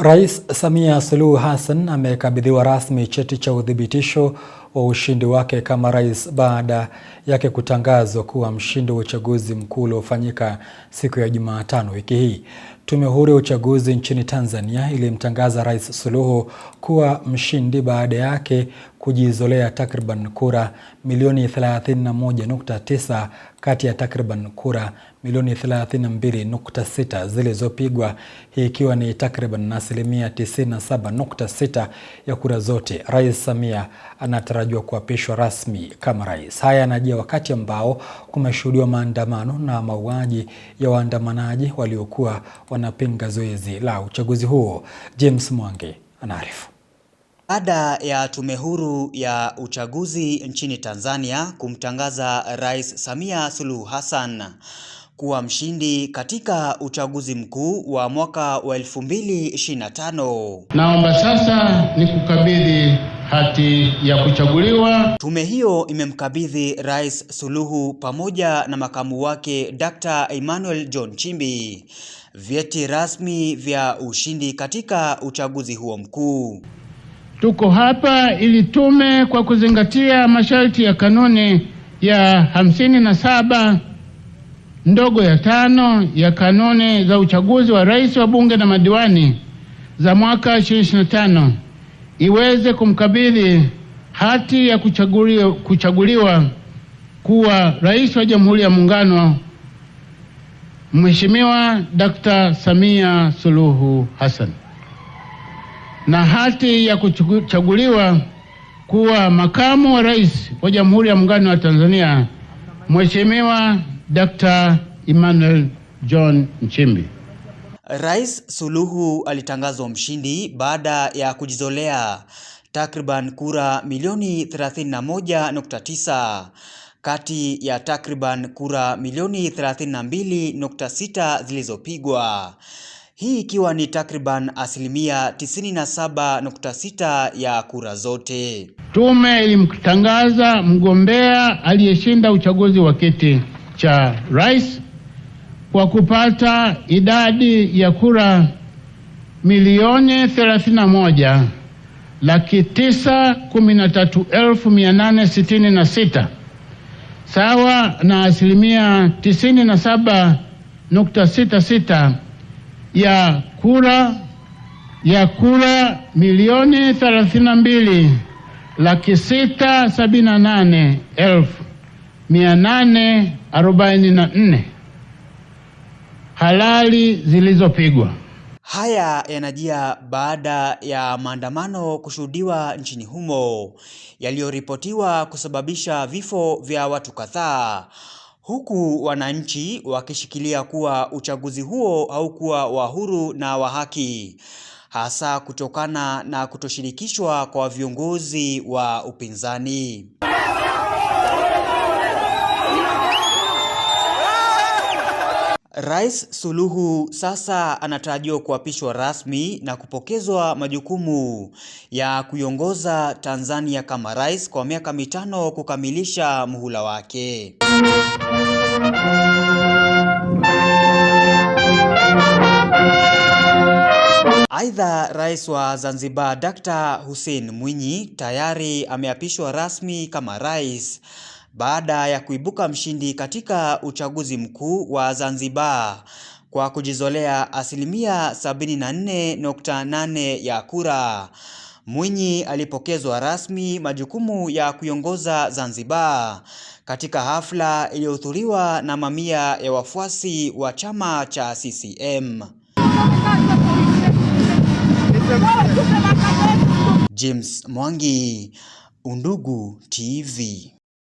Rais Samia Suluhu Hassan amekabidhiwa rasmi cheti cha uthibitisho wa ushindi wake kama rais baada yake kutangazwa kuwa mshindi wa uchaguzi mkuu uliofanyika siku ya Jumatano wiki hii. Tume Huru ya Uchaguzi nchini Tanzania ilimtangaza Rais Suluhu kuwa mshindi baada yake kujizolea takriban kura milioni 31.9 kati ya takriban kura milioni 32.6 zilizopigwa, hii ikiwa ni takriban asilimia 97.6 ya kura zote. Rais Samia anatarajiwa anatarajiwa kuapishwa rasmi kama rais. Haya yanajia wakati ambao kumeshuhudiwa maandamano na mauaji ya waandamanaji waliokuwa wanapinga zoezi la uchaguzi huo. James Mwangi anaarifu. Baada ya tume huru ya uchaguzi nchini Tanzania kumtangaza Rais Samia Suluhu Hassan kuwa mshindi katika uchaguzi mkuu wa mwaka wa 2025. Naomba sasa nikukabidhi hati ya kuchaguliwa. Tume hiyo imemkabidhi Rais Suluhu pamoja na makamu wake Dr. Emmanuel John Chimbi vyeti rasmi vya ushindi katika uchaguzi huo mkuu. Tuko hapa ili tume kwa kuzingatia masharti ya kanuni ya hamsini na saba ndogo ya tano ya kanuni za uchaguzi wa rais wa bunge na madiwani za mwaka 2025 iweze kumkabidhi hati ya kuchaguliwa, kuchaguliwa kuwa rais wa Jamhuri ya Muungano Mheshimiwa dkt Samia Suluhu Hassan na hati ya kuchaguliwa kuwa makamu wa rais wa Jamhuri ya Muungano wa Tanzania Mheshimiwa Dr. Emmanuel John Nchimbi. Rais Suluhu alitangazwa mshindi baada ya kujizolea takriban kura milioni 31.9 kati ya takriban kura milioni 32.6 zilizopigwa, hii ikiwa ni takriban asilimia 97.6 ya kura zote. Tume ilimtangaza mgombea aliyeshinda uchaguzi wa kiti cha rais kwa kupata idadi ya kura milioni 31 laki tisa kumi na tatu elfu mia nane sitini na sita sawa na asilimia 97.66 ya kura ya kura milioni 32 laki sita sabini na nane elfu. 844 halali zilizopigwa. Haya yanajia baada ya maandamano kushuhudiwa nchini humo yaliyoripotiwa kusababisha vifo vya watu kadhaa, huku wananchi wakishikilia kuwa uchaguzi huo haukuwa wa huru na wa haki, hasa kutokana na kutoshirikishwa kwa viongozi wa upinzani. Rais Suluhu sasa anatarajiwa kuapishwa rasmi na kupokezwa majukumu ya kuiongoza Tanzania kama rais kwa miaka mitano kukamilisha muhula wake. Aidha, rais wa Zanzibar Dr. Hussein Mwinyi tayari ameapishwa rasmi kama rais baada ya kuibuka mshindi katika uchaguzi mkuu wa Zanzibar kwa kujizolea asilimia 74.8 ya kura. Mwinyi alipokezwa rasmi majukumu ya kuiongoza Zanzibar katika hafla iliyohudhuriwa na mamia ya wafuasi wa chama cha CCM. James Mwangi, Undugu TV.